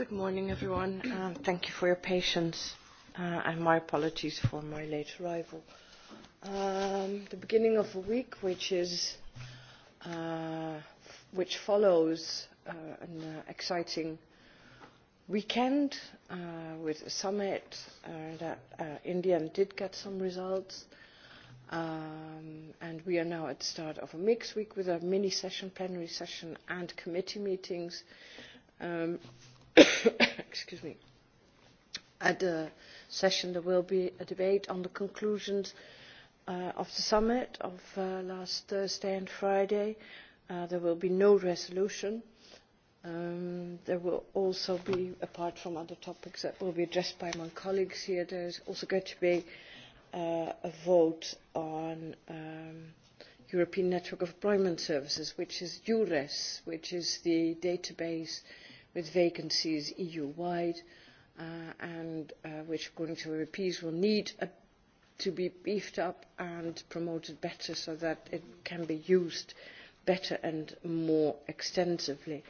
Good morning, everyone. Um, thank you for your patience, uh, and my apologies for my late arrival. Um, the beginning of a week, which is uh, f- which follows uh, an uh, exciting weekend uh, with a summit uh, that uh, in the end did get some results. Um, and we are now at the start of a mixed week with a mini session, plenary session, and committee meetings. Um, at the session there will be a debate on the conclusions uh, of the summit of uh, last Thursday and Friday. Uh, there will be no resolution. Um, there will also be, apart from other topics that will be addressed by my colleagues here, there is also going to be uh, a vote on um, European Network of Employment Services, which is EURES, which is the database uh, with vacancies EU-wide uh, and uh, which, according to MEPs, will need a, to be beefed up and promoted better so that it can be used better and more extensively.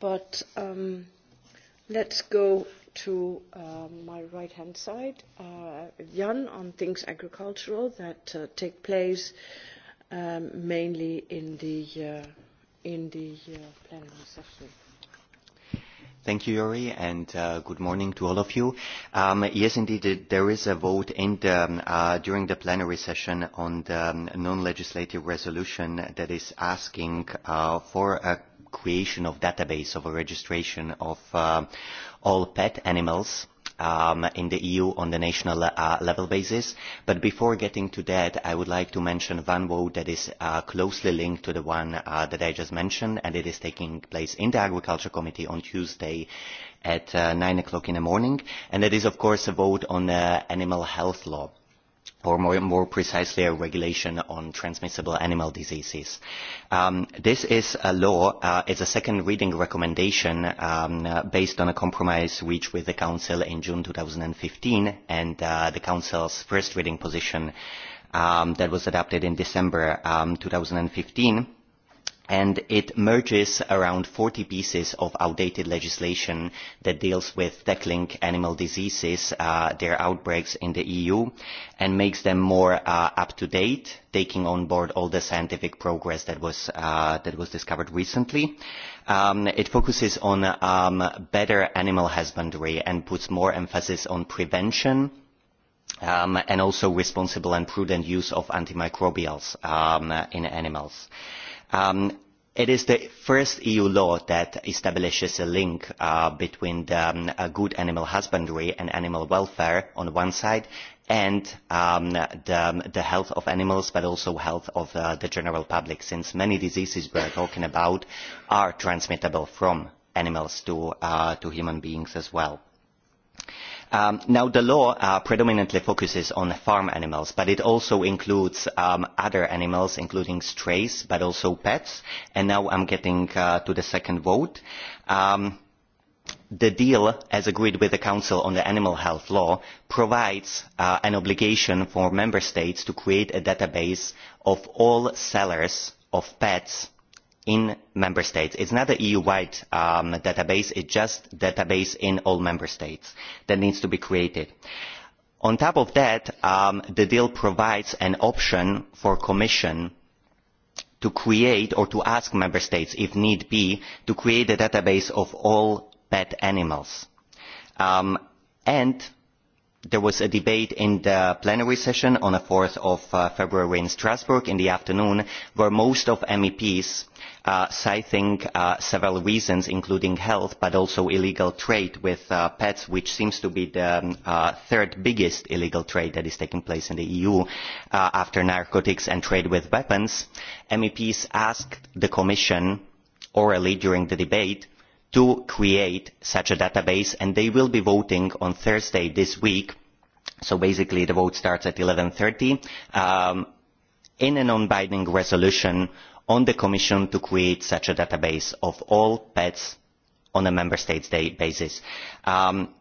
But um, let's go to uh, my right-hand side, uh, Jan, on things agricultural that uh, take place um, mainly in the, uh, in the uh, plenary session. Thank you, Yuri, and uh, good morning to all of you. Um, yes, indeed, there is a vote in the, um, uh, during the plenary session on the um, non-legislative resolution that is asking uh, for a creation of database of a registration of uh, all pet animals um, in the EU on the national uh, level basis. But before getting to that, I would like to mention one vote that is uh, closely linked to the one uh, that I just mentioned, and it is taking place in the Agriculture Committee on Tuesday at uh, 9 o'clock in the morning. And that is, of course, a vote on the uh, animal health law or more, more precisely a regulation on transmissible animal diseases. Um, this is a law, uh, it's a second reading recommendation um, uh, based on a compromise reached with the Council in June 2015 and uh, the Council's first reading position um, that was adopted in December um, 2015 and it merges around 40 pieces of outdated legislation that deals with tackling animal diseases, uh, their outbreaks in the EU, and makes them more uh, up to date, taking on board all the scientific progress that was uh, that was discovered recently. Um, it focuses on um, better animal husbandry and puts more emphasis on prevention. Um, and also responsible and prudent use of antimicrobials um, in animals. Uh, Um, it is the first eu law that establishes a link uh, between the, um, good animal husbandry and animal welfare on the one side and um, the, um, the, health of animals but also health of uh, the general public since many diseases we are talking about are transmittable from animals to, uh, to human beings as well. Um, now the law uh, predominantly focuses on farm animals, but it also includes um, other animals, including strays, but also pets. And now I'm getting uh, to the second vote. Um, the deal, as agreed with the Council on the Animal Health Law, provides uh, an obligation for member states to create a database of all sellers of pets in member states. It's not an EU-wide um, database, it's just database in all member states that needs to be created. On top of that, um, the deal provides an option for Commission to create or to ask member states, if need be, to create a database of all pet animals. Um, and there was a debate in the plenary session on the 4th of uh, February in Strasbourg in the afternoon where most of MEPs Uh, citing uh, several reasons, including health, but also illegal trade with uh, pets, which seems to be the um, third biggest illegal trade that is taking place in the EU after narcotics and trade with weapons. MEPs asked the Commission orally during the debate to create such a database and they will be voting on Thursday this week. So basically the vote starts at 11.30 thirty um, in a non-binding resolution on the Commission to create such a database of all pets on a member states basis. Um,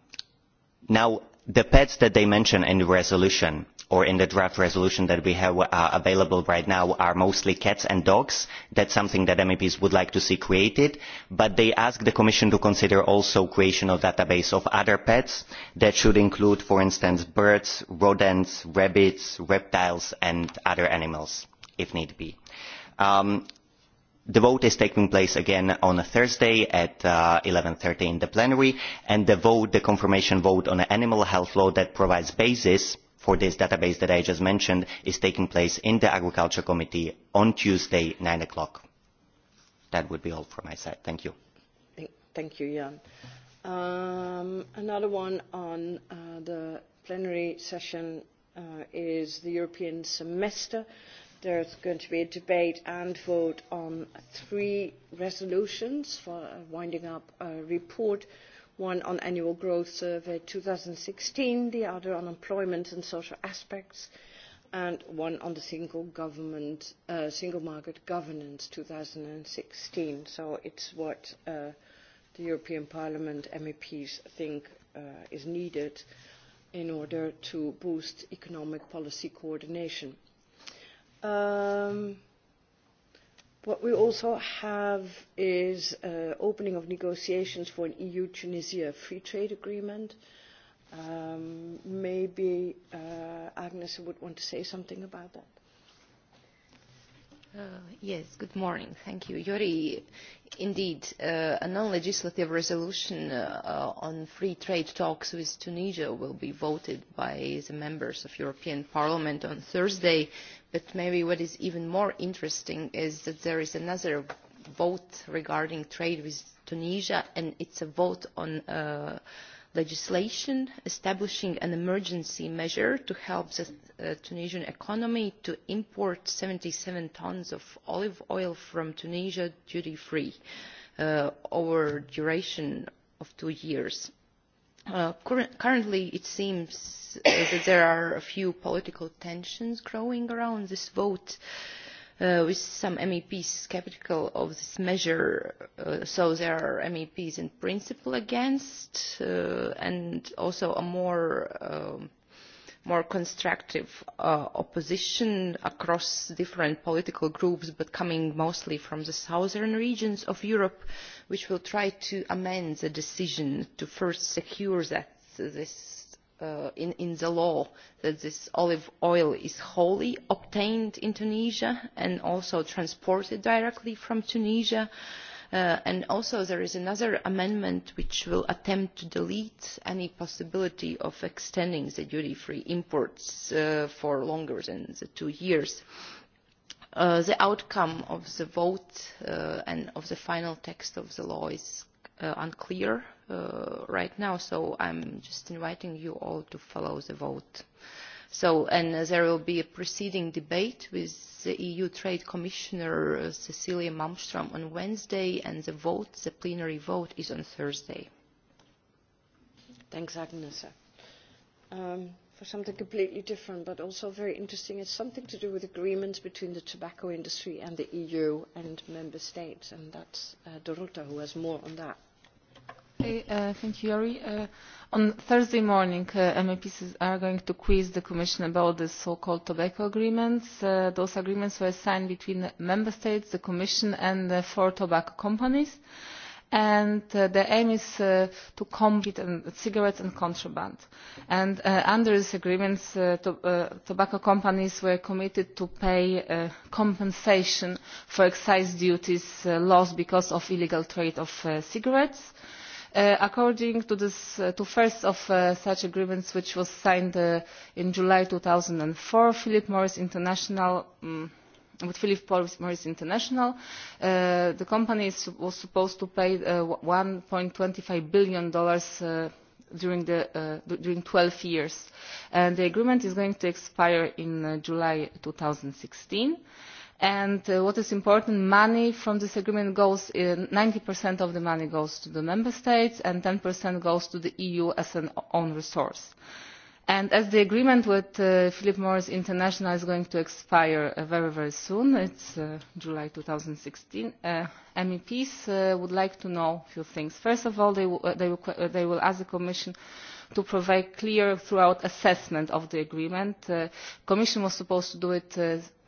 now, the pets that they mention in the resolution or in the draft resolution that we have uh, available right now are mostly cats and dogs. That's something that MEPs would like to see created, but they ask the Commission to consider also creation of database of other pets that should include, for instance, birds, rodents, rabbits, reptiles, and other animals, if need be. Uh, Um, the vote is taking place again on a Thursday at uh, 11.30 in the plenary, and the vote, the confirmation vote on the animal health law that provides basis for this database that I just mentioned is taking place in the Agriculture Committee on Tuesday, 9 o'clock. That would be all from my side. Thank you. Thank you, Jan. Um, another one on uh, the plenary session uh, is the European semester. Uh, There is going to be a debate and vote on three resolutions for uh, winding up a report, one on annual growth survey 2016, the other on employment and social aspects, and one on the single, government, uh, single market governance 2016. So it's what uh, the European Parliament MEPs think uh, is needed in order to boost economic policy coordination Um, what we also have is uh, opening of negotiations for an EU-Tunisia free trade agreement. Um, maybe uh, Agnes would want to say something about that. Uh, yes, good morning. Thank you. Yuri, indeed, uh, a non-legislative resolution uh, on free trade talks with Tunisia will be voted by the members of European Parliament on Thursday, but maybe what is even more interesting is that there is another vote regarding trade with Tunisia, and it is a vote on uh, legislation establishing an emergency measure to help the uh, Tunisian economy to import 77 tons of olive oil from Tunisia duty-free uh, over duration of two years Uh, currently it seems uh, that there are a few political tensions growing around this vote uh, with some meps sceptical of this measure uh, so there are meps in principle against and also a more um, more constructive uh, opposition across different political groups but coming mostly from the southern regions of europe which will try to amend the decision to first secure that this uh, in, the law that this olive oil is wholly obtained in tunisia and also transported directly from tunisia Uh, and also there is another amendment which will attempt to delete any possibility of extending the duty free imports uh, for longer than two years. Uh, the outcome of the vote and of the final text of the law is unclear right now so i am just inviting you all to follow the vote and there will be a preceding debate with the EU Trade Commissioner uh, Cecilia malmstrm on Wednesday, and the vote, the plenary vote, is on Thursday. Thanks, Agnes. Um, for something completely different, but also very interesting, it's something to do with agreements between the tobacco industry and the EU and member states, and that's uh, Dorota who has more on that. Uh, uh, on Thursday morning, uh, MEPs are going to quiz the Commission about the so-called tobacco agreements. Uh, those agreements were signed between the Member States, the Commission, and the four tobacco companies. And uh, the aim is uh, to combat cigarettes and contraband. And uh, under these agreements, uh, to, uh, tobacco companies were committed to pay uh, compensation for excise duties uh, lost because of illegal trade of uh, cigarettes. Uh, according to the uh, first of uh, such agreements which was signed in july two thousand and four philip morris international mm, with philip morris international the company was supposed to pay one twenty five billion dollars during twelve 12 years and the agreement is going to expire in july 2016. thousand and uh, what is important money from this agreement goes uh, ninety of the money goes to the member states and ten goes to the eu as an own resource. as the agreement with uh, philip morris international is going to expire very very soon in july two thousand and sixteen meps would like to know a few things. first of all they, will, ask the commission to provide clear throughout assessment of the agreement. the commission was supposed to do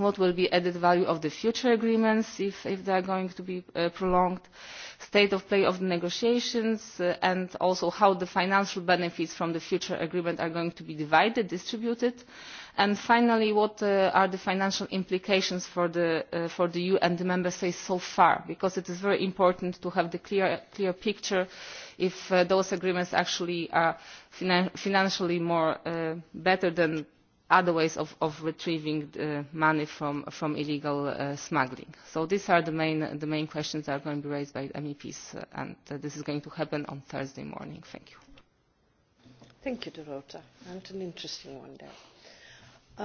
what will be the added value of the future agreements if, they are going to be uh, prolonged the state of play of the negotiations uh, and also how the financial benefits from the future agreement are going to be divided distributed and finally what uh, are the financial implications for the, eu and the member states so far because it is very important to have a clear, picture if those agreements actually are finan financially better than other ways of, of retrieving uh, money from, from illegal uh, smuggling. So these are the main, the main questions that are going to be raised by MEPs, uh, and uh, this is going to happen on Thursday morning. Thank you. Thank you, Dorota, and an interesting one there.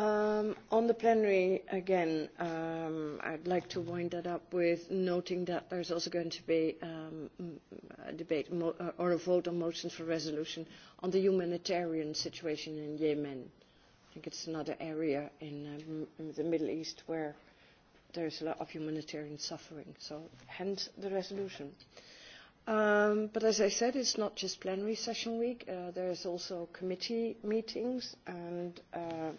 Um, on the plenary, again, um, I'd like to wind that up with noting that there's also going to be um, a debate uh, or a vote on motions for resolution on the humanitarian situation in Yemen think it's another area in um, the Middle East where there's a lot of humanitarian suffering. So hence the resolution. Um, but as I said, it's not just plenary session week. Uh, there's also committee meetings, and uh,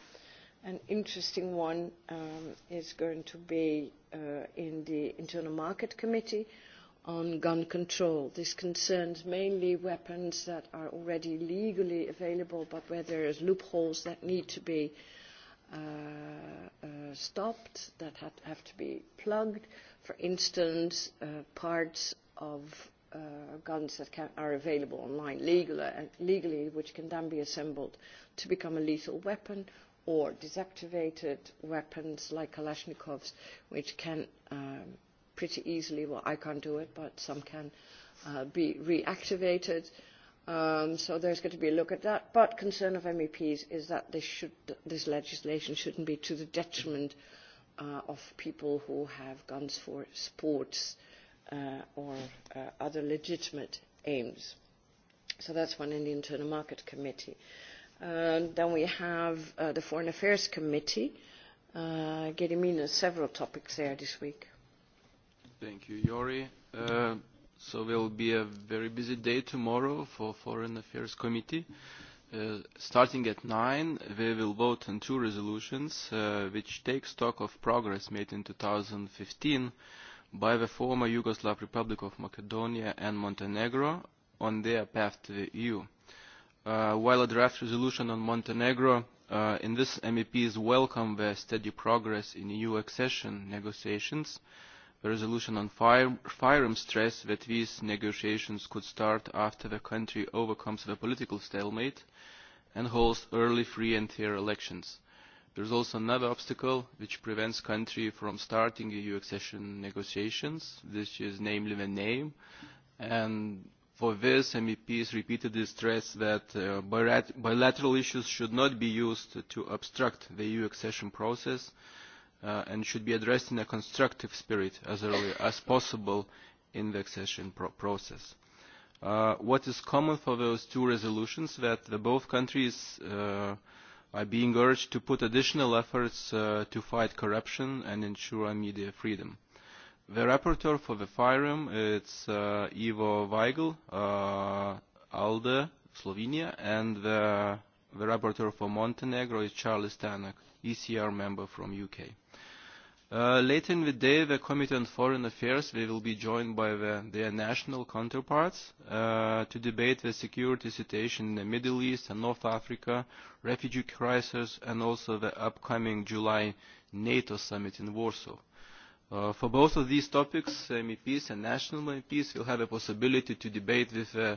an interesting one um, is going to be uh, in the Internal Market Committee, uh, on gun control. This concerns mainly weapons that are already legally available, but where there is loopholes that need to be uh, uh, stopped, that have, have to be plugged. For instance, uh, parts of uh, guns that can, are available online legal, uh, legally, which can then be assembled to become a lethal weapon, or deactivated weapons like Kalashnikovs, which can um, pretty easily. Well, I can't do it, but some can uh, be reactivated. Um, so there's going to be a look at that. But concern of MEPs is that this, should, this legislation shouldn't be to the detriment uh, of people who have guns for sports uh, or uh, other legitimate aims. So that's one in the Internal Market Committee. Um, then we have uh, the Foreign Affairs Committee. Uh, getting me several topics there this week. Thank you, Yori. Uh, so will be a very busy day tomorrow for Foreign Affairs Committee. Uh, starting at 9, we will vote on two resolutions uh, which take stock of progress made in 2015 by the former Yugoslav Republic of Macedonia and Montenegro on their path to the EU. Uh, while a draft resolution on Montenegro, uh, in this MEPs welcome the steady progress in EU accession negotiations, uh, The resolution on fire, firearms stressed that these negotiations could start after the country overcomes the political stalemate and holds early, free and fair elections. There is also another obstacle which prevents country from starting EU accession negotiations. This is namely the name. And for this, MEPs repeatedly stress that uh, bilateral issues should not be used to obstruct the EU accession process uh, and should be addressed in a constructive spirit as early as possible in the accession pro process. Uh, what is common for those two resolutions that the both countries uh, are being urged to put additional efforts uh, to fight corruption and ensure media freedom. The rapporteur for the firearm is uh, Ivo Weigel, uh, ALDE, Slovenia, and the, the rapporteur for Montenegro is Charles Tanak, ECR member from UK. Uh, later in the day, the Committee on Foreign Affairs they will be joined by the, their national counterparts uh, to debate the security situation in the Middle East and North Africa, refugee crisis, and also the upcoming July NATO summit in Warsaw. Uh, for both of these topics, MEPs and national MEPs will have a possibility to debate with uh,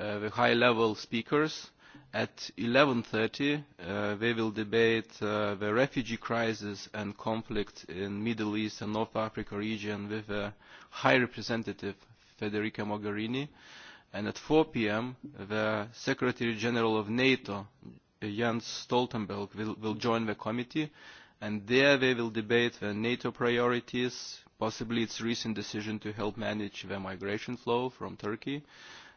uh, the high-level speakers At 11.30, uh, we will debate uh, the refugee crisis and conflict in Middle East and North Africa region with uh, High Representative Federica Mogherini. And at 4 p.m., the Secretary General of NATO, Jens Stoltenberg, will, will join the committee. And there they will debate the NATO priorities, possibly its recent decision to help manage the migration flow from Turkey. Uh,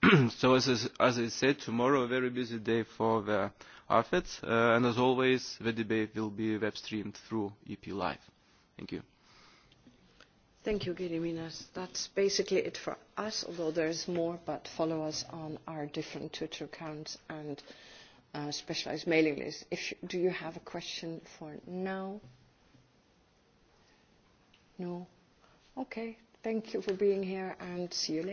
so as, is, as I said, tomorrow a very busy day for the AFET, uh, and as always, the debate will be web streamed through EP Live. Thank you. Thank you, Gediminas. That's basically it for us, although there's more, but follow us on our different Twitter accounts and uh, specialized mailing lists. If you, do you have a question for now? No? Okay. Thank you for being here and see you later.